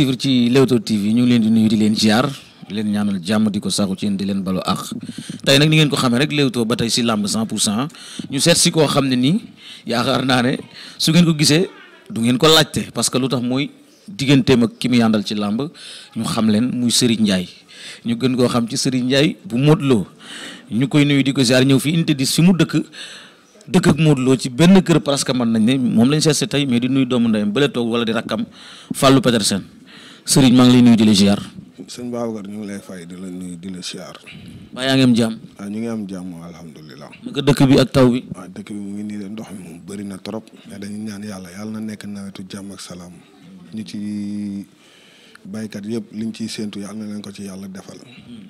suivre ci Leewtoo TV ñu ngi leen di nuyu di leen ziar leen ñaanal jàmm di ko saxu ci yéen leen balo ak tey nag ni ngeen ko xamee rek Leewtoo ba tey si làmb 100 pour cent ñu seet si koo xam ne nii yaakaar naa ne su ngeen ko gisee du ngeen ko laajte parce que lu tax mooy digganteem ak ki mu yàndal ci làmb ñu xam leen muy Serigne Ndiaye ñu gën koo xam ci Serigne Ndiaye bu Modou Lo ñu koy nuyu di ko ziar ñëw fi inte di si mu dëkk dëkk ak Modou Lo ci benn kër presque mën nañ ne moom lañ seet si tey mais di nuyu doomu ndeyam bële toog wala di rakkam Fallou Petersen Serigne maa ngi lay nuyu di la ziar. sëñ Babacar ngi lay fay di la nuyu di la ziar. yaa ngi am jàmm. ñu ngi am jàmm alhamdulilah. naka dëkk bi ak taw bi. waaw dëkk bi mu ngi nii de ndox mi moom bëri na trop. mais dañu ñaan yàlla yàlla na nekk nawetu jàmm ak salaam. ñu ci baykat yëpp liñ ciy séentu yàlla na leen ko ci yàlla defal. Hmm.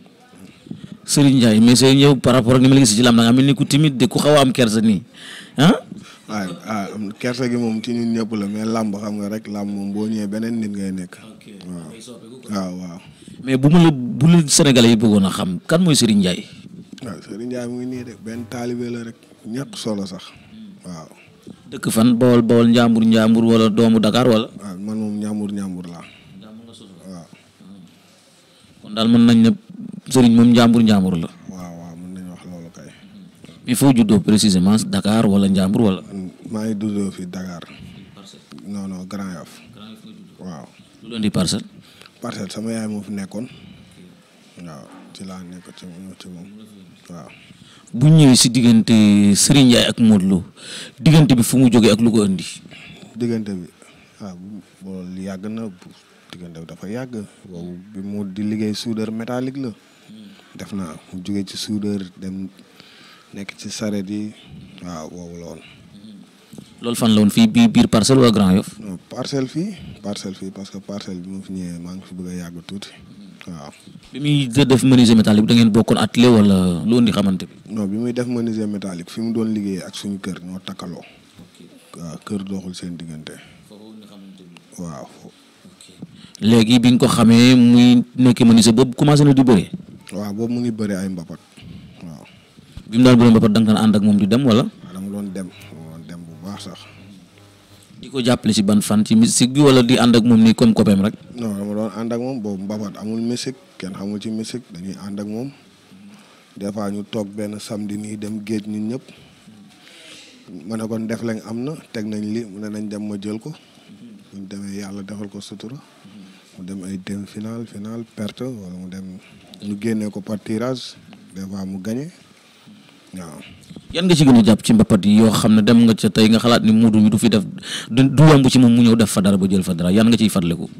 Serigne Ndiaye mais Serigne yow par rapport ak ni ma la gis ci lam da nga mel ni ku timide de ku xaw a am kersa nii ah. waaw ah, gi moom ci ñun ñëpp la mais làmb xam nga rek làmb moom boo ñëwee beneen nit ngay nekk. waaw ah, waaw mais bu ma la bu la Sénégalais yi bëggoon a xam kan mooy Serigne Ndiaye. waaw Serigne mu ngi nii de benn taalibe la rek ñàkk solo sax waaw. dëkk fan Bawol Bawol Njàmbur Njàmbur wala doomu Dakar wala. Ah, man moom Njàmbur Njàmbur laa. waaw. kon mën nañ sëriñ moom njàmbur njàmbur la. waaw waaw mën nañu wax loolu kay. mais foo juddoo précisément dakaar wala njàmbur wala. maa ngi juddoo fii Dakar. non non Grand Yoff. waaw. lu sama yaay moo fi nekkoon. waaw nekk ci bu ñëwee si diggante Serigne Ndiaye ak Modou Lo diggante bi fu mu jogee ak lu ko indi. diggante bi waaw loolu yàgg na diggante dafa yàgg. mu di liggéey suudar métallique la. def naa mu jóge ci soudeur dem nekk ci saret yi waaw boobu la woon. loolu fan la woon fii bii biir parcelle waa Grand Yoff. parcelle fii parcelle fii que parcelle bi ma fi ñëwee maa ngi fi bëgg a yàgg tuuti waaw. bi muy def menuisier métallique da ngeen bokkoon atelier wala loo di xamante bi. non bi muy def menuisier métallique fi mu doon liggéey ak suñu kër ñoo takkaloo. waaw kër doxul seen diggante. waaw. léegi bi nga ko xamee muy nekk menuisier boobu commencé na di bëri. waaw boobu mu ngi bëri ay mbapat waaw. bi mu daan bëri mbapat da nga ànd ak moom di dem wala. waaw dama doon dem doon dem bu baax sax. di ko jàppale si ban fan ci musique bi wala di ànd ak moom nii comme copain rek. non dama doon ànd moom boobu mbapat amul musique kenn xamul ci musique dañuy ànd ak moom des fois ñu toog benn samedi nii dem géej ñun ñëpp. ma ne kon def lañ am na teg nañ li mu nañ dem ma jël ko. buñ demee yàlla defal ko sutura. mu dem ay dem final final perte wala mu dem ñu génnee ko par tirage des mu gagné waaw. yan nga ci gën jàpp ci mbapat yi yoo xam ne dem nga ca tey nga xalaat ni muudu bi du fi def du yomb ci moom mu ñëw def fa dara ba jël fa dara yan nga ciy fàttaliku.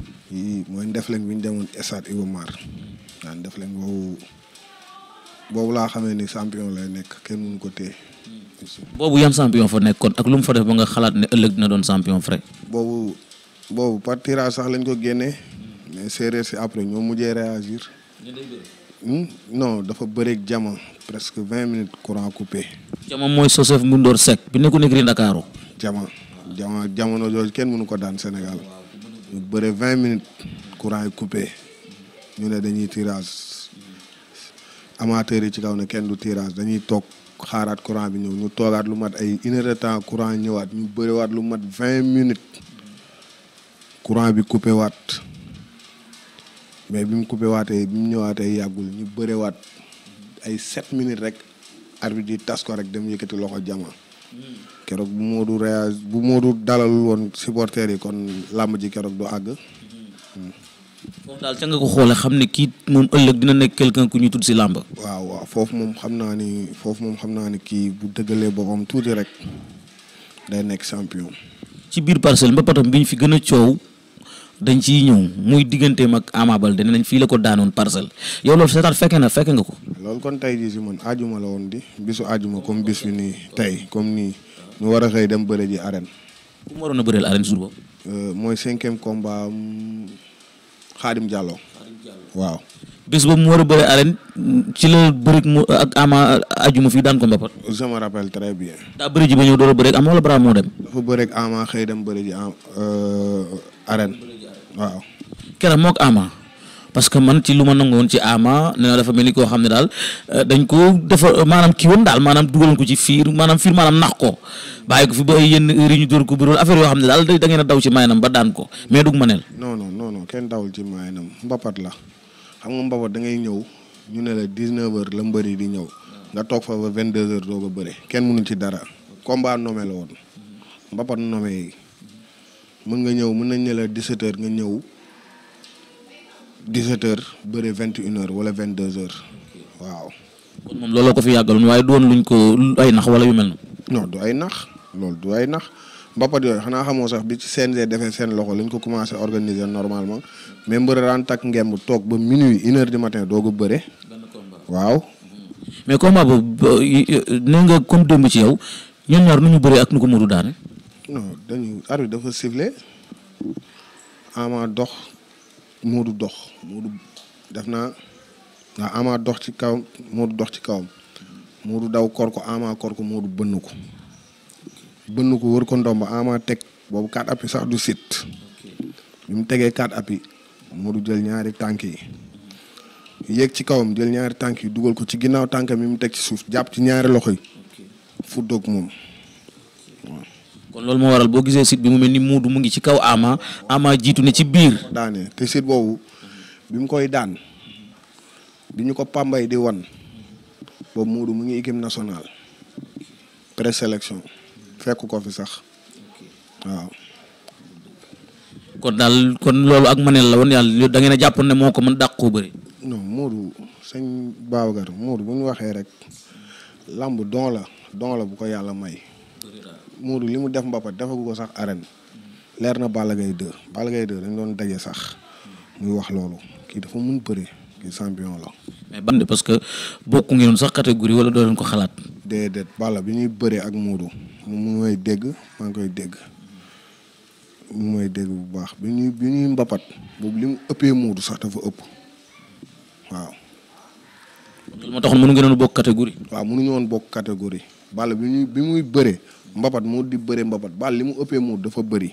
mooy def leen bi ñu demoon stade Iba Mar def leen boobu boobu laa xamee ni champion lay nekk kenn mënu ko téye. boobu yan champion fa nekkoon ak lu mu fa def ba nga xalaat ne ëllëg dina doon champion frais. boobu boobu par tirage sax lañ ko génnee. mais séeréer si après ñoo mujjee réagir. Hmm? non dafa bëreek jama presque vingt minutes courant coupé. jama mooy Joseph Moundoor Seck bi nekku nekk di Ndakaaru. jama jama jamono jooju kenn mënu ko daan Sénégal ñu bëre vingt minutes courant yi coupé ñu ne dañuy tirage amateur ci kaw ne kenn du tirage dañuy toog xaaraat courant bi ñëw ñu toogaat lu mat ay une heure de ñëwaat ñu bëriwaat lu mat vingt minutes courant bi coupé mais bi mu coupé waatee bi mu ñëwaatee yàggul ñu waat ay sept minutes rek arbitre di tas ko rek dem yëkkati loxo jama hmm. keroog bu Modou réag bu Modou dalalul woon supporters yi kon làmb ji keroog du àgg. Hmm. Hmm. foofu daal ca nga ko xoolee xam ne kii moom ëllëg dina nekk quelqu'un ku ñu tudd si làmb. waaw waaw foofu moom xam naa ni foofu moom xam naa ni kii bu dëggalee boppam tuuti rek day nekk champion. ci biir parcelle mbapatam bi ñu fi gën a coow. dañ ciy ñëw muy digganteem ak Ama Baldé nañ fii la ko daanoon parcelle yow loolu seetaat fekke na fekke nga ko. loolu kon tey jii si man ajuma la woon di bisu ajuma comme bis bi nii tey comme nii ñu war a xëy dem bëre ji arène. waroon a bëreel arène jour boobu. Euh, mooy cinquième combat Xaadim Diallo. waaw. bis mu war a bëre arène ci la bëri mu ak Ama ajuma fii daan ko mbapat. je me rappelle bien. daa bëri ji ba ñëw door a bëre ak Ama wala moo dem. dafa bëre ak xëy dem bëre ji euh, arène. waaw keroog mook Ama parce que man ci lu ma nangu ci Ama nee na dafa mel ni koo xam ne daal euh, dañ ko dafa euh, maanaam kii daal maanaam dugal ko ci fiir maanaam fiir maanaam nax ko bàyyi ko fi ba yenn heure yi ñu dóor ko birool affaire yoo xam ne daal da ngeen a daw ci mayanam ba daan ko mais dug ma neel non non non non kenn dawul ci mayanam mbapat la xam nga mbapat da ngay ñëw ñu ne la 19 heures la mbëri di ñëw nga toog fa ba 22 heures doo ba bëre kenn mënu ci dara combat nommé la woon mbapat nommé mën nga ñëw mën nañ ne la 17 heures nga ñëw 17 heures bëre 21 heures wala 22 heures waaw. kon moom looloo ko fi yàggal waaye doon luñ ko ay nax wala yu mel noonu. non du ay nax loolu du ay nax mbapat yooyu xanaa xamoo sax bi ci CNG defee seen loxo lañ ko commencé organiser normalement mais mbër daan takk ngemb toog ba minuit une heure du matin doo ko bëre. waaw. mais combat boobu nee nga comme démb ci yow ñun ñaar nu ñu bëree ak nu ko Modou daane. non dañu arbitre dafa sifflé Ama dox Modou dox Modou def naa waaw Ama dox ci kawam Modou dox ci kawam Modou daw kor ko Ama kor ko Modou bënn ko bënn ko wër ko ndomba Ama teg boobu quatre appuis sax du sit bi mu tegee quatre appuis Modou jël ñaari tànk yi yéeg ci kawam jël ñaari tànk yi dugal ko ci ginnaaw tànk mi mu teg ci suuf jàpp ci ñaari loxo yi fu doog moom kon loolu moo waral boo gisee bi mu mel ni muudu mu ngi ci kaw ama ama jiitu ne ci biir daane te site koy daan bi ko pàmbay di wan boobu mu ngi équipe nationale présélection fekk ko fi sax kon daal kon loolu ak maneel la woon yàlla dangeen a jàppoon ne moo ko man daq koo bari non muudu sëñ Babacar muudu bu ñu waxee rek làmb don la don la bu ko yàlla may Modou li mu def mbapat defagu ko sax arène leer na Balla gay 2 Balla Gaye 2 dañ doon daje sax muy wax loolu kii dafa mun bëre kii champion la. mais ban parce que bokku ngeen sax catégorie wala doo leen ko xalaat. déedéet Balla bi ñuy bëree ak Modou mu mooy dégg maa ngi koy dégg mu mooy bu baax bi ñuy bi ñuy mbapat boobu li sax dafa ëpp waaw. loolu moo taxoon mënu ngeen woon bokk catégorie. waaw mënuñu woon bokk catégorie mbapat moo di bëre mbapat baal li mu ëppee moo dafa bëri.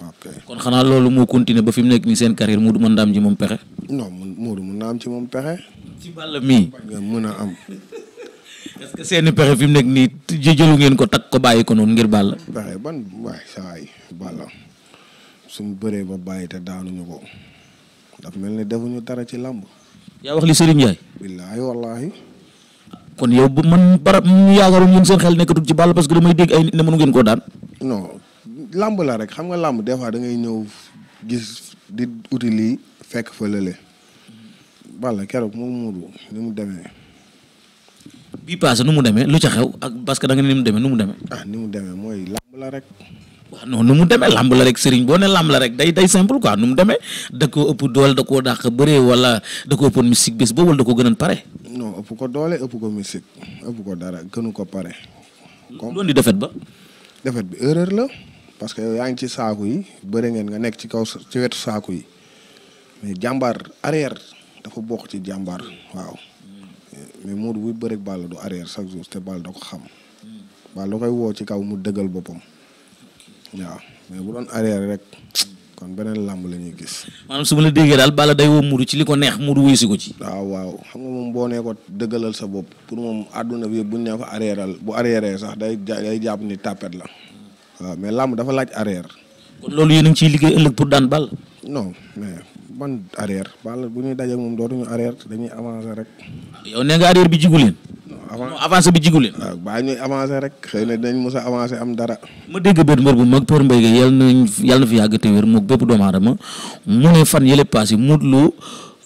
ok kon xanaa loolu moo continuer ba fi mu nekk nii seen carrière mu mën naa am ci moom pexe. non Modou mën naa am ci moom pexe. ci Balla mii. nga mën a am. seeni pexe fi mu nekk nii jëlu ngeen ko takk ko bàyyi ko noonu ngir Balla. pexe ban waay saa yi Balla suñu bëree ba bàyyi te daanuñu ko daf mel ni defuñu dara ci làmb. yaa wax li Serigne Ndiaye. kon yow bu man barab ñu yaakaaroon yéen seen xel nekkatul ci Balla parce que damay dégg ay nit ne mënu ngeen koo daan. non làmb la rek xam nga làmb des fois da ngay ñëw di uti lii fekk fa lële keroog moom Modou mu demee. bii passé nu mu demee lu ca xew ak parce que da mu demee nu mu demee. Ah, ni mu demee mooy làmb la rek. waaw nu mu demee làmb la rek Serigne boo ne làmb la rek day day simple quoi nu mu demee da koo ëpp doole da koo dàq bëree wala da koo ëppoon mystique bés boobu wala da koo gënoon pare. ëpp ko doole ëpp ko musique ëpp ko dara gënu ko pare. comme loolu di defet ba. defet bi erreur la parce que yaa ngi ci saaku yi bëri ngeen nga nekk ci kaw ci wetu saaku yi mais jàmbaar arrière dafa bokk ci jàmbaar waaw mais Modou buy bëri Balla du arrière chaque jour te Balla da ko xam. Balla da koy woo ci kaw mu dëggal boppam waaw mais bu doon arrière rek. kon beneen làmb la ñuy gis. maanaam su ma la déggee daal Balla day woo Modou ci li ko neex Modou wuyu si ko ci. waaw waaw xam nga moom boo nee ko dëggalal sa bopp pour moom àdduna bi bu ñu nee ko arrièreal bu arrière sax day day jàpp ni tapet la waaw mais làmb dafa laaj arrière. kon loolu yéen a ngi ciy liggéey ëllëg pour daan Balla. no mais man arrière Balla bu ñuy dajeeg moom dootuñu arrière dañuy avancer rek. yow nee nga bi jigu avant avancé bi jigu leen. waaw baa ñuy avancé rek xëy na dinañ mos a avancé am dara. ma dégg benn mbër bu mag Père Mbaye Gueye yàlla na fi yàgg te wér moog bépp doomu aadama mu fan yële paase Modou Lo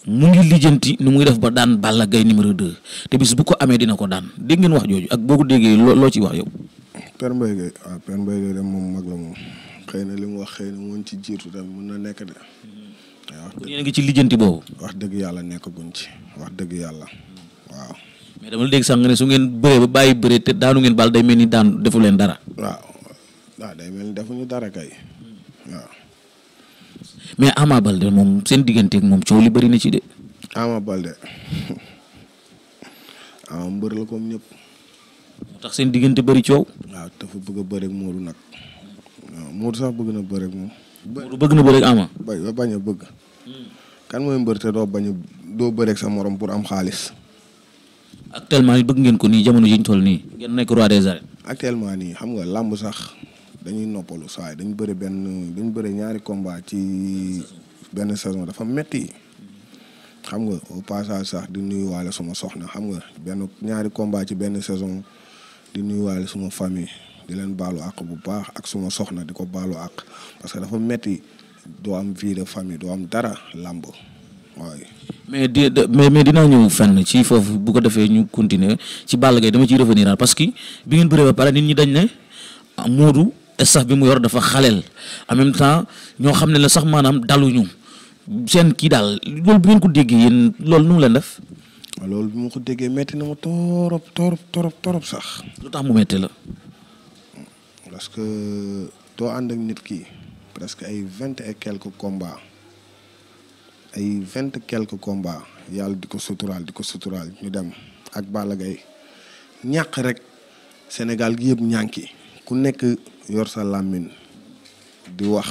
mu ngi lijjanti nu muy def ba daan Balla gay numéro 2 te bis bu ko amee dina ko daan dégg ngeen wax jooju ak boo ko déggee loo ci wax yow. Père Mbaye Gueye waaw Père dem moom mag la moom xëy na li mu wax xëy na moo ci jiitu tamit mun na nekk de. waaw yéen a ngi ci lijjanti boobu. wax dëgg yàlla nekkaguñ ci wax dëgg yàlla waaw. mais dama la dégg sax nga ne su ngeen bëree ba bàyyi bëree te daanu ngeen bal day mel ni daan defu leen dara. waaw waaw day mel ni defuñu dara kay waaw. mais seen digganteeg moom coow li bëri na ci de. Ama Balde Ama tax seen diggante bëri coow. bëgg a bëri ak nag waaw bëgg na bëgg na bëri ak Ama. bay ba bañ a bëgg. Hmm. kan mooy mbër doo bañ a doo bëri ak sa morom pour am xaalis. actuellement bëgg ngeen ko nii jamono ji ñu toll nii ngeen nekk roi des arènes. actuellement nii xam nga làmb sax dañuy noppalu saa dañu bëri benn dañu bëri ñaari combat ci benn saison dafa metti xam nga au passage sax di nuyuwaale suma soxna xam nga benn ñaari combat ci benn saison di nuyuwaale suma famille di leen baalu àq bu baax ak suma soxna di ko baalu àq parce que dafa metti doo am vie de famille doo am dara làmb waaye. mais di mais mais dinaa ñëw fenn ci foofu bu ko defee ñu continuer ci ball Gaye dama ciy revenir ah, parce que bi ngeen bëree ba pare nit ñi dañ ne ah, Modou staff bi mu yor dafa xaleel en même temps ñoo xam ne la sax maanaam daluñu seen kii daal loolu bu ngeen ko déggee yéen loolu nu mu leen def. Ah, loolu bu ma ko déggee métti na ma torop torop torop torop sax. lu tax mu métti la. parce que too ànd ak nit ki presque ay vingt et quelques combats. ay vingt quelques combats yàlla di ko suturaal di ko suturaal ñu dem ak Balla ñàq rek Sénégal gi yëpp ñànki ku nekk yor sa làmmiñ di wax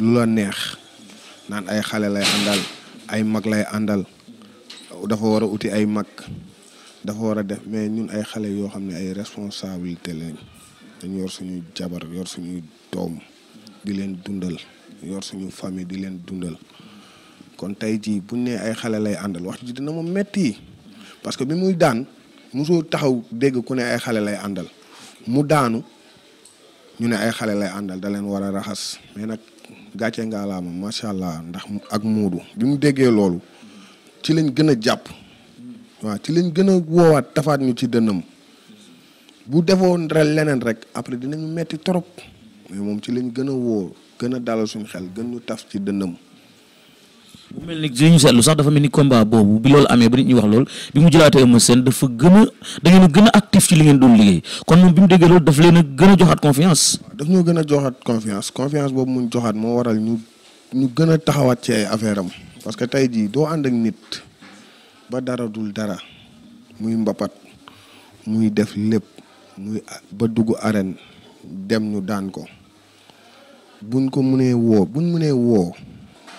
lu la neex naan ay xale lay àndal ay mag lay àndal dafa war a uti ay mag dafa war a def mais ñun ay xale yoo xam ne ay responsabilité lañ dañ yor suñuy jabar yor suñuy toom di leen dundal yor suñu famille di leen dundal kon tey jii buñ nee ay xale lay àndal wax ji dina ma metti parce que bi muy daan musoo taxaw dégg ku ne ay xale lay àndal mu daanu ñu ne ay xale lay àndal da leen war a raxas mais nag gàcce ngaalaama macha allah ndax ak muudu bi mu déggee loolu ci lañ gën a jàpp waaw ci lañ gën a woowaat tafaat ñu ci dënnam bu defoon rek leneen rek après dinañu metti trop mais moom ci lañ gën a woo gën a dalal suñu xel gën ñu taf ci dënnam bu mel ni suñu seetlu sax dafa mel ni combat boobu bi loolu amee ba nit ñi wax lool bi mu jëlaatee Eumeu Sène dafa a da ngeen a gën a actif ci li ngeen doon liggéey kon moom bi mu déggee loolu a gën a joxaat daf ñoo gën a joxaat confiance confiance boobu mu joxaat moo waral ñu ñu gën a taxawaat ci ay affaire am parce que tey jii doo ànd ak nit ba dara dul dara muy mbapat muy def lépp muy ba dugg arène dem ñu daan ko buñ ko mënee woo buñ mënee woo.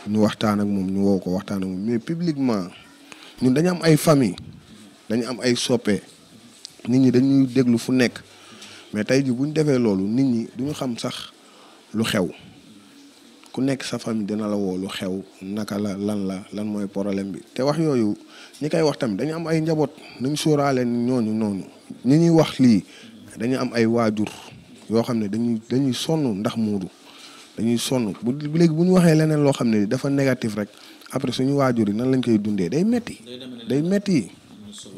ñu waxtaan ak moom ñu woo ko waxtaan ak moom mais publiquement ñun dañu am ay famille dañu am ay soppe nit ñi dañuy déglu fu nekk mais tey ji bu defee loolu nit ñi ñu xam sax lu xew ku nekk sa fami dina la woo lu xew naka la lan la lan mooy problème bi te wax yooyu ñi koy wax tamit dañu am ay njaboot nañ sóoraale ñooñu noonu ñu ñuy wax lii dañu am ay waajur yoo xam ne dañuy dañuy sonn ndax muudu dañuy sonn bu léegi bu ñu waxee leneen loo xam ne dafa négatif rek après suñu waajur yi nan lañ koy dundee day metti day metti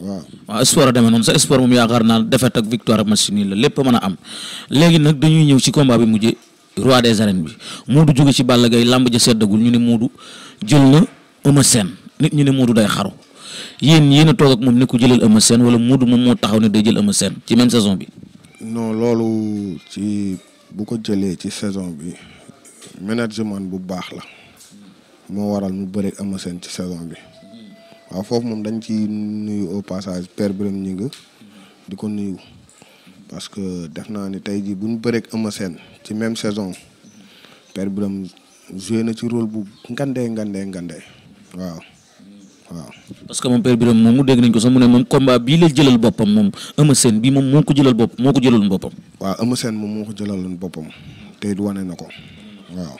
waaw waaw sport a demee noonu sa sport moom yaakaar naa défaite ak victoire match nii la lépp mën a am léegi nag dañuy ñëw ci combat bi mujj roi des arènes bi moo Modou jóge ci bàll gay làmb ja seddagul ñu ne Modou jël na Eumeu Sène nit ñu ne Modou day xaru yéen yéen a toog ak moom ne ko jëlal Eumeu Sène wala Modou moom moo taxaw ne day jël Eumeu Sène ci même saison bi non loolu ci ko jëlee ci saison bi management bu baax la moo waral mu bëreeg Eumeu Sène ci saison bi waaw foofu moom dañ ci nuy au passage per Birame ñi nga di ko nuyu parce que def naa ni tey jii bu ñu bëreeg Eumeu Sène ci même saison Père Birame joué na ci role bu ngandee ngandee ngandee waaw waaw. parce que moom Père Birame moom mu dégg nañ ko sax mu ne moom combat bii la jëlal boppam moom Eumeu Sène bii moom moo ko jëlal bopp moo ko jëlaloon boppam. waaw Eumeu Sène moom moo ko jëlaloon boppam te it wane na ko. waaw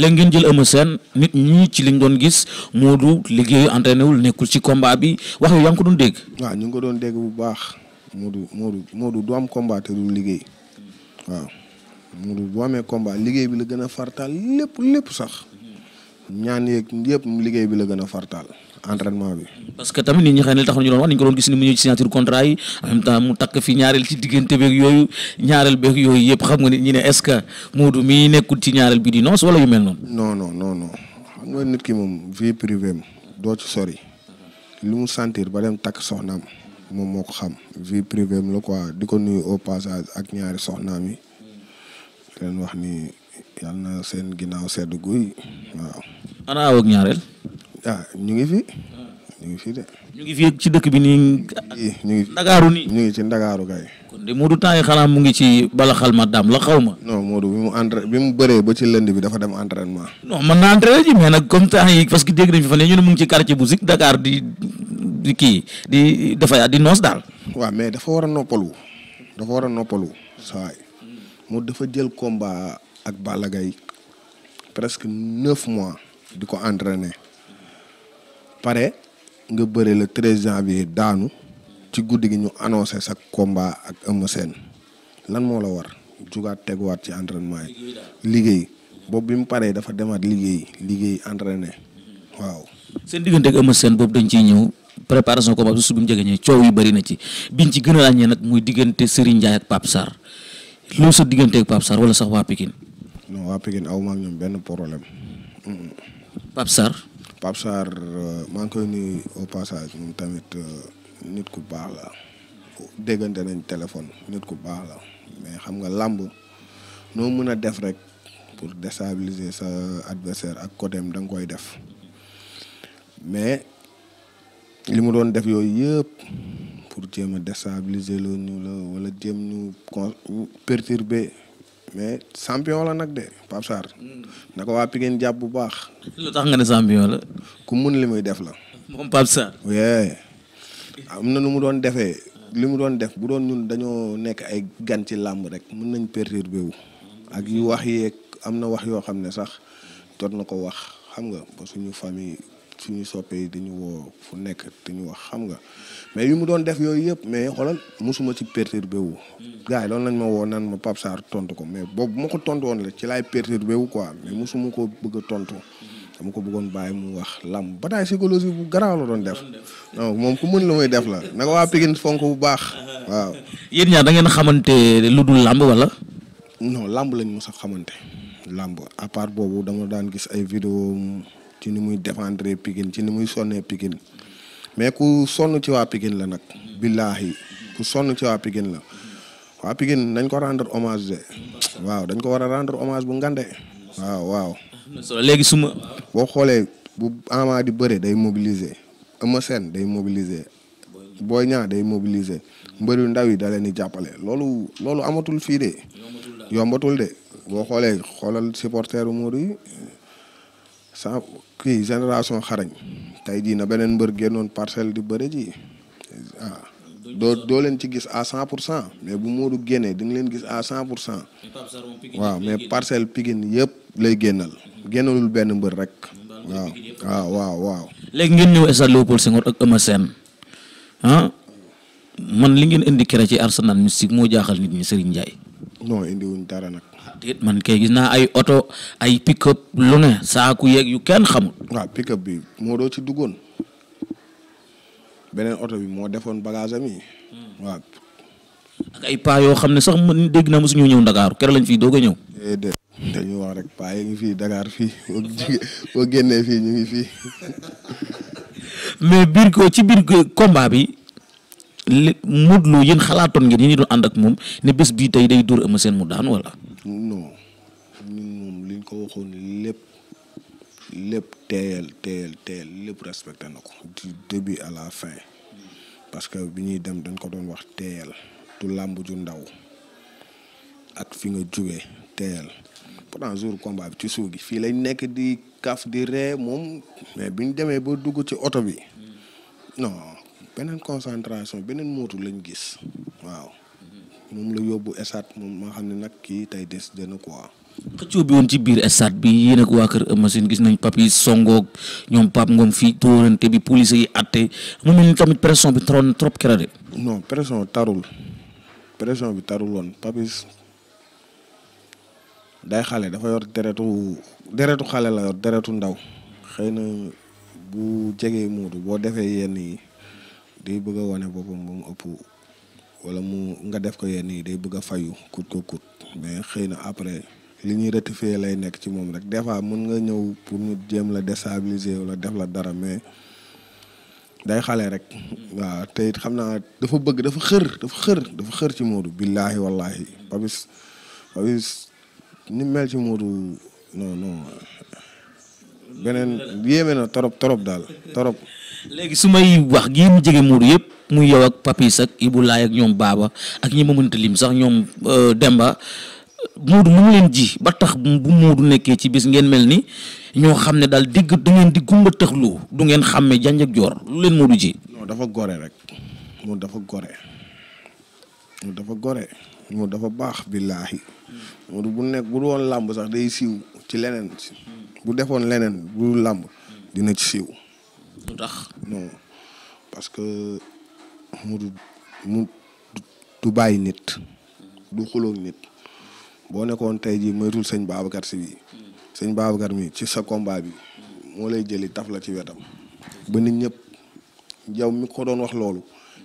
léegi ngeen jël Eumeu seen nit ñi ci liñ doon gis du liggéeyu entraîné wul nekkul ci combat bi wax yow yaa ngi ko doon dégg. waaw ñu ngi ko doon dégg bu baax moo Modou Modou du doom combat te du liggéey waaw Modou bu amee combat liggéey bi la gën a fartaal lépp lépp sax ñaan yëg yëpp liggéey bi la gën a fartaal entraînement bi. parce que tamit nit ñi tax ñu doon wax ñu ko doon gis ni mu ñëw ci signature contrat yi en même mu takk fi ñaareel ci diggante beeg yooyu ñaareel beeg yooyu yëpp xam nga nit ñi ne est-ce que Modou mii nekkul ci ñaareel bi di noos wala yu mel noonu. non non non non xam nga nit ki moom vie privée am doo ci sori li mu sentir ba dem takk soxnaam moom moo ko xam vie privée am la quoi di ko nuyu au ak ñaari soxnaam yi leen wax ni yàlla na seen ginnaaw sedd guy waaw. ana ñaareel. Ah, ñu ngi fi. ñu ngi fii de. ñu ngi fii ci dëkk bi nii. ñu ngi ndagaaru nii. ñu ngi ci ndagaaru kay. kon de Modou temps yi mu ngi ci bala xal ma daam la xaw ma. non Modou bi mu entrain bi mu bëree ba ci lënd bi dafa dem entraînement. non mën naa entraîné ji mais nag comme temps yi que dégg nañ fi fan yii ñu mu ngi ci quartier bu Zik Dakar di kii di dafa di noos daal. waa mais dafa war a noppalu. dafa war a noppalu. saa dafa jël combat ak Balla Gaye presque neuf mois. di ko entraîné pare nga bëre le treize janvier daanu ci guddi gi ñu annoncé sa komba ak Eumeu Sène lan moo la war jugaat teguwaat ci entraînement yi liggéey boobu bi mu paree dafa demaat liggéey liggéey entraîné waaw. seen diggante ak Eumeu seen boobu dañ ciy ñëw préparation combat bi su bi mu jege ñëw coow yi bëri na ci biñ ci gën a ràññee nag muy diggante Serigne Ndiaye ak Pape Sarr loolu sa diggante ak Pape Sarr wala sax waa Pikine. non waa Pikine aw ak ñoom benn problème. Pape Pape Sarr euh, maa ngi koy nuyu au passage moom tamit euh, nit ku baax la déggante nañ téléphone nit ku baax la mais xam nga làmb noo mën a def rek pour déstabiliser sa adversaire ak côtéem da nga koy def mais li mu doon def yooyu yëpp pour jéem a déstabiliser loolu ñu la wala jéem ñu perturber mais champion la nag de Pape Sarr. na ko waa Pikine jàpp bu baax. lu tax nga ne champion la. ku mun li muy def la. moom Pape Sarr. am na nu mu doon defee. li mu doon def bu doon ñun dañoo nekk ay gan ci làmb rek mun nañ perturbé wu. ak yu wax yeeg am na wax yoo xam ne sax jot na ko wax xam nga ba suñu famille suñu soppe yi dañu woo fu nekk dañu wax xam nga mais yu mu doon def yooyu yëpp mais xoolal suma ci perturbé wu. gars yi loolu lañ ma woo nan ma Pape Sarr tontu ko mais boobu bu ko tontu woon la ci laay perturbé wu quoi mais mosuma ko bëgg a tontu. dama ko bëggoon bàyyi mu wax lam bataille psychologie bu garaaw la doon def. non moom ku mën la muy def la naka waa Pikine fonk bu baax. waaw yéen ñaar da ngeen xamante lu dul làmb wala. non làmb lañ mos sax xamante. làmb à part boobu dama daan gis ay vidéo ci ni muy défendre Pikine ci ni muy sonnee Pikine mais ku sonn ci waa Pikine la nag billaahi ku sonn ci waa Pikine la waa Pikine nañ ko rendre hommage de waaw dañ ko war a rendre hommage bu ngande waaw waaw léegi suma boo xoolee bu Ama di bëre day mobilise Eumeu Sène day mobiliser boo Niang day mobiliser mbër yu ndaw yi da leen di jàppale loolu loolu amatul fii de yombatul de boo xoolee xoolal supporteru Modou yi sa kii génération xarañ tey jii na beneen mbër génnoon parcelle di bëre ji ah, doo doo leen ci gis à cent pour cent mais bu Modou génnee di nga leen gis à cent pour cent waaw mais parcelle Pikine yépp lay génnal génnalul benn mbër rek waaw waaw waaw waaw léegi ngeen ñëw stade Léopold Senghor ak Eumeu Sène ah, man li ngeen indi kere ci Arsenal mystique moo jaaxal nit ñi Serigne Ndiaye non indiwuñ dara nag déet man kay gis naa ay oto ay pick-up lu ne saaku yeeg yu kenn xamul. waaw pick-up bi moo doo ci duggoon beneen oto bi moo defoon bagage am yi. Hmm. waaw. ak yoo xam ne sax man dégg naa mosu ñëw Dakar kër lañ fii doog a ñëw. dañuy wax rek paa ngi fii Dakar fii boo génnee fii ñu ngi fii. mais biir ko ci biir combat bi li Modou Lo yéen xalaatoon ngeen ñi doon ànd ak moom ne bés bii tey day dóor Eumeu Sène mu daan wala. non ñun moom liñ ko waxoon lépp lépp teeyal teeyal teeyal lépp respecté na ko du début à la fin parce que bi ñuy dem dañ ko doon wax teeyal du làmb ju ndaw ak fi nga jóge teeyal pourtant jour combat bi ci suuf gi fii lañ nekk di kaf di ree moom mais bi ñu demee ba dugg ci oto bi non beneen concentration beneen mootu lañ gis waaw moom la yóbbu stade moom ma xam ne nag kii tey des dana quoi. xëccoo bi woon ci biir stade bi yéen waa kër machine gis nañ papi songoog ñoom pap ngoom fii tóorante bi police yi àtte mu mel ni tamit pression bi taroon trop keroog de. non pression tarul pression bi tarul woon papis day xale dafa yor deretu deretu xale la yor deretu ndaw xëy na bu jegee muudu boo defee yenn yi day bëgg a wane boppam ba ëpp. wala mu nga def ko yenn yi day bëgg a fayu coûte que coûte mais xëy na après li ñuy rectifier lay nekk ci moom rek des fois mën nga ñëw pour ñu jéem la déstabiliser wala def la dara mais day xale rek waa te xam naa dafa bëgg dafa xër dafa xër dafa xër ci Modou billaahi wallaahi Papis Papis ni mel ci Modou non non beneen yéeme na torop torop daal torop léegi su may wax gii mu jege Modou yëpp muy yow ak papis bu laay Laye ak ñoom baaba ak ñi ma mënta lim sax ñoom euh, Demba Moodu mu ngi leen ji ba tax bu Moodu nekkee ci bis ngeen mel ni ñoo xam ne daal digg da di gumba tëxlu du ngeen xàmme jànjag joor lu leen Moodu ji. ñoo dafa gore rek moom dafa gore moom dafa gore moom dafa baax billaahi Moodu bu nekk bu woon làmb sax day siiw ci leneen bu defoon leneen bu làmb dina ci siiw. parce que. mu du du bàyyi nit du xuloog nit boo nekkoon tey jii moytul sëñ Babacar si bi sëñ Babacar mi ci sa combat bi moo lay jëli taf la ci wetam ba nit ñëpp yow mi ko doon wax loolu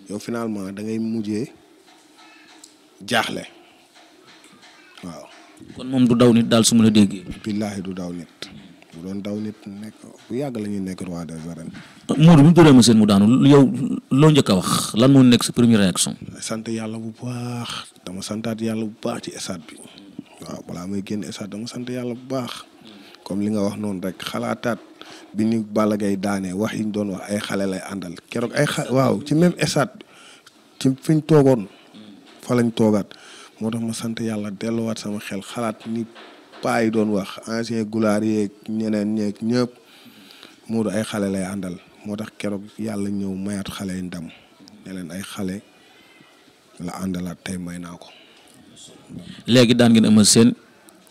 yow finalement dangay ngay mujjee jaaxle waaw kon moom du daw nit daal su ma la déggee billaahi du daw nit bu doon daw nit nekk bu yàgg la ñuy nekk roi des arènes. Modou bi mu doon seen mu daanu yow loo njëkk a wax lan moo nekk sa première réaction. sant yàlla bu baax dama santaat yàlla bu baax ci stade bi waaw balaa may génn stade dama sant yàlla bu baax comme li nga wax noonu rek xalaataat bi ni Balla Gaye daanee wax yi ñu doon wax ay xale lay àndal keroog ay xa waaw ci même stade ci fi ñu toogoon fa lañ toogaat moo tax ma sant yàlla delluwaat sama xel xalaat ni paa doon wax ancien gulaar yeeg ñeneen ñeeg ñëpp Modou ay xale lay àndal moo tax keroog yàlla ñëw mayaat xale yi ndam ne leen ay xale la àndalaat tey may naa ko. léegi daan ngeen amal seen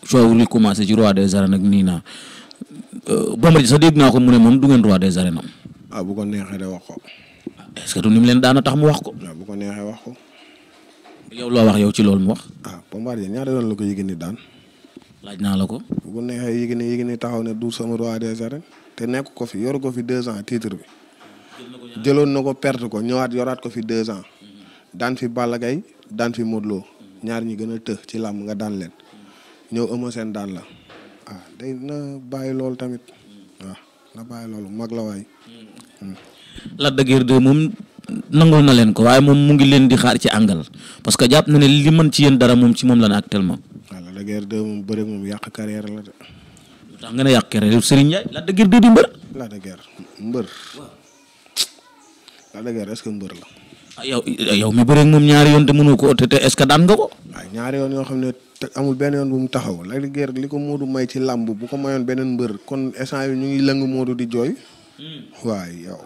coow li commencé ci roi des arènes ak nii naa euh, Bombardier sax dégg naa ko mu ne moom du ngeen roi des arènes am. ah bu ko neexee wax ko. est-ce ni mu leen daana tax mu wax ko. waaw ah, bu ko neexee wax ko. yow loo wax yow ci loolu mu wax. ah Bombardier ñaata yoon la ko yëg ni daan. laaj naa la ko. bu neexee Yékini Yékini taxaw ne du sama roi des rek te nekk ko fi yor ko fi deux ans titre bi. jëloon na ko perte ko ñëwaat yoraat ko fi deux ans. Mm-hmm. daan fi Balla Gaye daan fi Modou ñaar ñi gën a të ci làmb nga daan leen. Mm-hmm. ñëw Eumeu seen daan la. ah day na bàyyi loolu tamit. waaw mm-hmm. ah, na bàyyi loolu mag la waay. Mm. Lac de Guiers moom nangul na leen ko waaye moom mu ngi leen di xaar ci àngal parce que jàpp na ne li mën ci yéen dara moom ci moom la ne actuellement. la guerre 2 moom bëre moom yàq carrière la de. lu tax nga ne yàq carrière Serigne Ndiaye Lac de Guiers 2 di mbër. Lac mbër. Lac est-ce que mbër la. ah yow yow mi bëre moom ñaari yoon te mënu ko te est-ce que daan nga ko. ñaari yoon yoo xam ne amul benn yoon bu mu taxaw Lac de li ko Modou may ci làmb bu ko mayoon beneen mbër kon instant yi ñu ngi lëng Modou di jooy. Hmm. waay yow.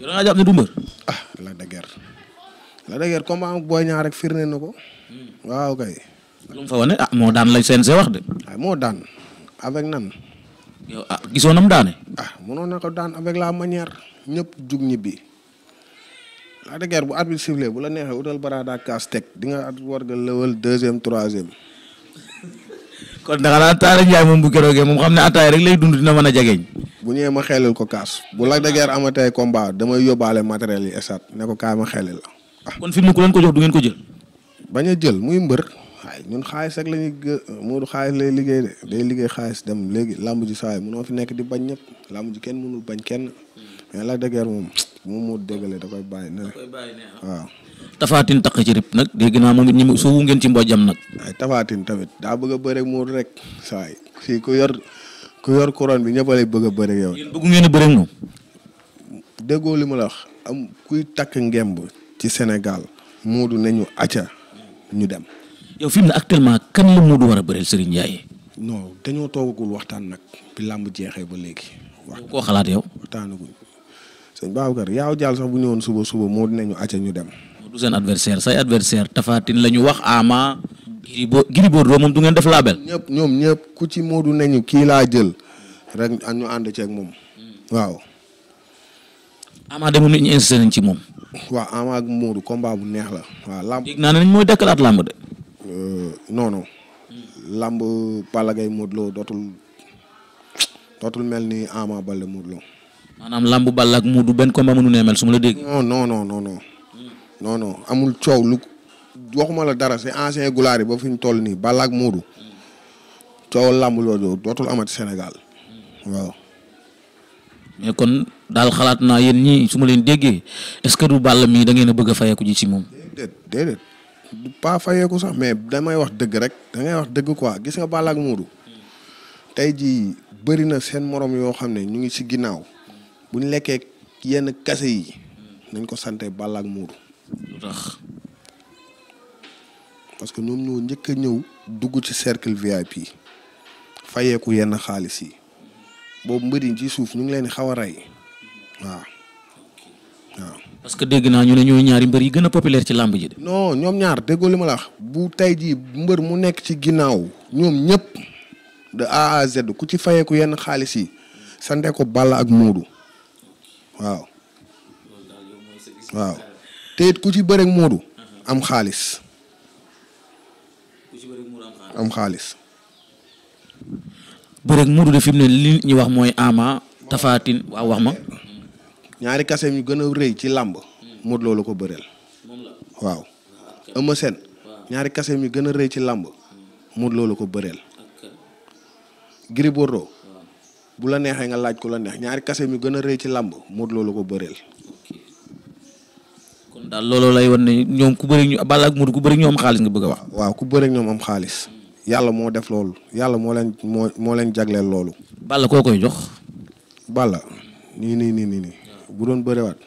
yow da ngaa jàpp ne du mbër. ah Lac de Guiers Lac de Guiers rek firnde na ko. Hmm. waaw kay. lu mu fa wane ah, moo daan lañ seen CNG wax de. Ah, moo daan avec nan. yow ah gisoo na mu daane. ah mënoon na ko daan avec la manière ñëpp jug ñibbi la de guerre bu arbitre bu la neexee utal barada kaas teg di nga war nga lëwal deuxième troisième. kon da naa daan Talla moom bu keroogee moom xam ne attaay rek lay dund dina mën a jegeñ. bu ñëwee ma xeelal ko kaas bu Lac de Guiers amatee combat damay yóbbaale matériel yi esat ne ko kaay ma xeelal la. Ah. kon fi mu ko leen ko jox du ngeen ko jël. bañ jël muy waaye ñun xaalis rek la ñuy Modou xaalis lay liggéey de day liggéey xaalis dem léegi làmb ji saay yi mënoo fi nekk di bañ ñëpp làmb ji kenn mënul bañ kenn la dëgër moom moo dégale da koy bàyyi ne waaw. tafaatin takk nag dégg naa ngeen ci mbojam nag. waaye tafaatin tamit daa bëgg a bëre Modou rek saa yi fii ku yor ku yor couronne bi ñëpp bëgg a bëre yow. yéen bëgg ngeen a moom. déggoo li ma la wax am kuy takk ngemb ci Sénégal Modou ne ñu acca ñu dem. yow fi mu ne actuellement kan la Modou war a bëreel Serigne Ndiaye. te dañoo toogagul waxtaan nag bi làmb jeexee ba léegi. wax koo xalaat yow. waxtaanaguñ sëñ Babacar yaaw jaal sax bu ñëwoon suba suba moo dinañu acca ñu dem. du seen adversaire say adversaire tafaatin la ñu wax ama. Giribo Giribodo moom du ngeen def label. ñëpp ñoom ñëpp ku ci Modou nañu kii laa jël rek ñu ànd ceeg moom. Hmm. waaw. Ama de moom nit ñi insisté nañ ci moom. waaw Ama ak Modou combat bu neex la. waaw làmb dégg naa ne mooy dekkalaat làmb de. Euh, non non. làmb Balla Gaye Modou Lo dootul dootul mel ni Ama Baldé Modou Lo. maanaam làmb Balla ak Modou benn combat mënu nee mel su ma la dégg. non non non non non non non amul coow lu waxuma la dara c'est ancien gulaar yi ba fi ñu toll nii Balla ak Modou coow làmb loolu dootul amati Sénégal waaw. mais kon daal xalaat naa yéen ñii su ma leen déggee est-ce que du Balla mii da ngeen a bëgg a fayeeku ji ci moom. déedéet déedéet. pas fayeeku sax mais damay wax dëgg rek da ngay wax dëgg quoi gis nga Balla ak Modou tey jii bëri na seen moroom yoo xam ne ñu ngi si ginnaaw bu ñu lekkee yenn kase yi nañ ko sante Balla ak Modou lu tax parce que ñoom ñoo njëkk a ñëw dugg ci cercle VIP fayeeku yenn xaalis yi boobu mbëriñ ci suuf ñu ngi leen xaw a rey waa parce que dégg naa ñu ne ñooy ñaari mbër yi gën a populaire ci làmb ji de. non ñoom ñaar déggoo li ma la bu tey ji mbër mu nekk ci ginnaaw ñoom ñëpp de A Z ku ci fayeeku yenn xaalis yi sante ko Balla ak Moodu waaw ku ci bëreeg Moodu am xaalis am xaalis. bëreeg Moodu de fi mu ne li ñu wax mooy Ama Tafatine waaw wax ma. ñaari kaseem yu gën a rëy ci làmb hmm. Modou loolu ko bëreel waaw ah, Eumeu ñaari kaseem yu gën a rëy ci làmb hmm. Modou Lo ko bëreel Gris Bordeaux bu la neexee nga laaj ku la neex ñaari kaseem yu gën a rëy ci làmb mut loolu ko bëreel kon daal looloo lay wan ne ñoom ku bëri ñu Balla ak Modou ku bëri ñu am xaalis nga bëgg a wax waaw ku bëri ñoom am xaalis hmm. yàlla moo def loolu yàlla moo leen moo moo leen jagleel loolu Balla koo koy jox Balla nii nii nii nii nii bu doon bëriwaat.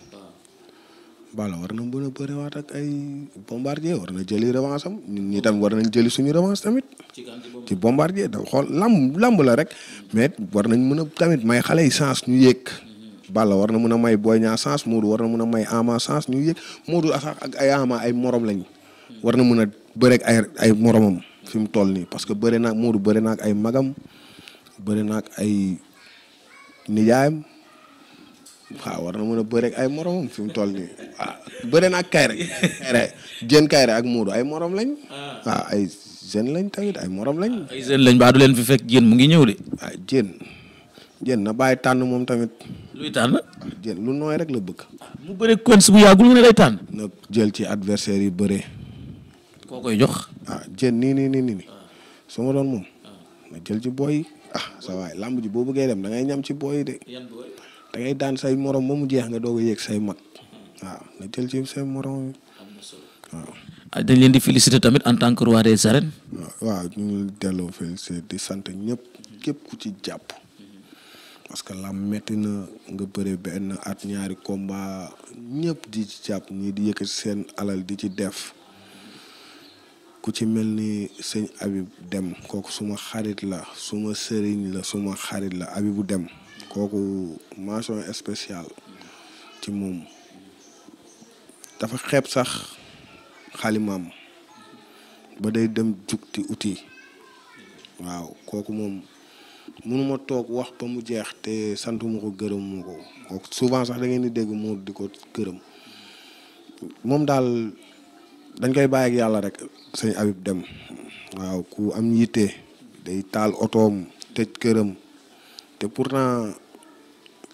Balla war na mën a bëriwaat ak ay bombardier war na jëli revanche am ñun ñi tam war nañ jëli suñu revanche tamit. ci bombardier da xool lamb lamb rek. mais war nañ mën a tamit may xale yi chance ñu yéeg. Mhm. bala war na mën a may Boy Niang chance Modou war na mën a may Ama chance ñu yéeg Modou sax ak ay Ama ay morom lañ. Mhm. war na mun a bëreeg ay ay moromam fi mu toll nii parce que bëri naag Modou bëri naag ay magam bëri naag ay nijaayam. waaw war na mën a bëre ak ay moromam fi mu toll nii a ah, bëre na ak Kayre Kayre jën Kayre ak Moodu ay morom lañ. waaw ah. ah, ay jeunes lañ tamit ay morom lañ. ay jeunes lañ ba du leen fi fekk jën mu ngi ñëw de. ah jën jën na bàyyi tànn moom tamit. tànn. jën lu nooy rek la bëgg. mu bëre Quench bu yàggul nga ne day tànn. nag jël ci adversaire yi bëree. koo koy jox. ah jën nii nii nii nii su doon moom. na jël ci booy yi ah sa lamb ji boo bëggee dem da ñam ci booy de. dangay daan say morom ba mu jeex nga doog yéeg say mag waaw nga jël ci seen morom waaw. dañ leen di féliciter tamit en tant que roi des arènes. waaw ñu ngi delloo féliciter di sant ñëpp képp ku ci jàpp. parce que lam metti na nga bëre benn at ñaari combat ñëpp di ci jàpp ñii di yëkkati seen alal di ci def ku ci mel ni sëñ Habib Dem kooku suma xarit la suma sëriñ la suma xarit la Habibu Dem kooku mention spéciale ci moom dafa xeeb sax xalimaam ba day dem jug ti uti waaw kooku moom mënuma toog wax ba mu jeex te santumu ko gërëm mu sax da ngeen di dégg moo di moom daal dañ koy bàyyi yàlla rek sëñ Habib dem waaw ku am yitte day taal otoom tëj këram te pourtant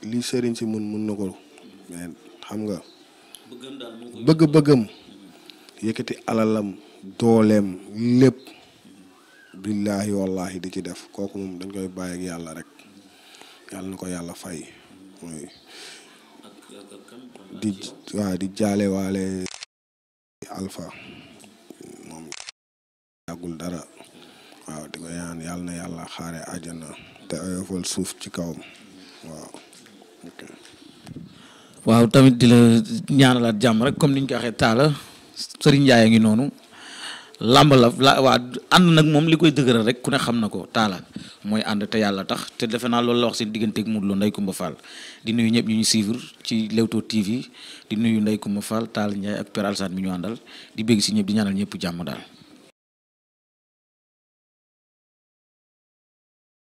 li sëriñ si mun mun na ko mais xam nga bëgg-bëggam yëkkati alalam dooleem lépp billaahi wallaahi di ci def kooku moom dañ koy bàyyi yàlla rek yàlla na ko yàlla fay mooy di waaw di jaale waale alpha moom yàggul dara waaw di ko ñaan yàlla na yàlla xaare àjjana te oyofal suuf ci kawam waaw waaw tamit di la ñaanalaat jàmm rek comme ni ñu ko waxee taala Serigne Ndiaye a ngi noonu làmb la la waa ànd nag moom li koy dëgëral rek ku ne xam na ko taala mooy ànd te yàlla tax te defe naa loolu la wax seen digganteeg Modou Lo Ndeye Coumba Fall di nuyu ñëpp ñu ñu suivre ci Leewtoo TV di nuyu Ndeye Coumba Fall taal Ndiaye ak Père Alsane mi ñu àndal di bégg si ñëpp di ñaanal ñëpp jàmm daal.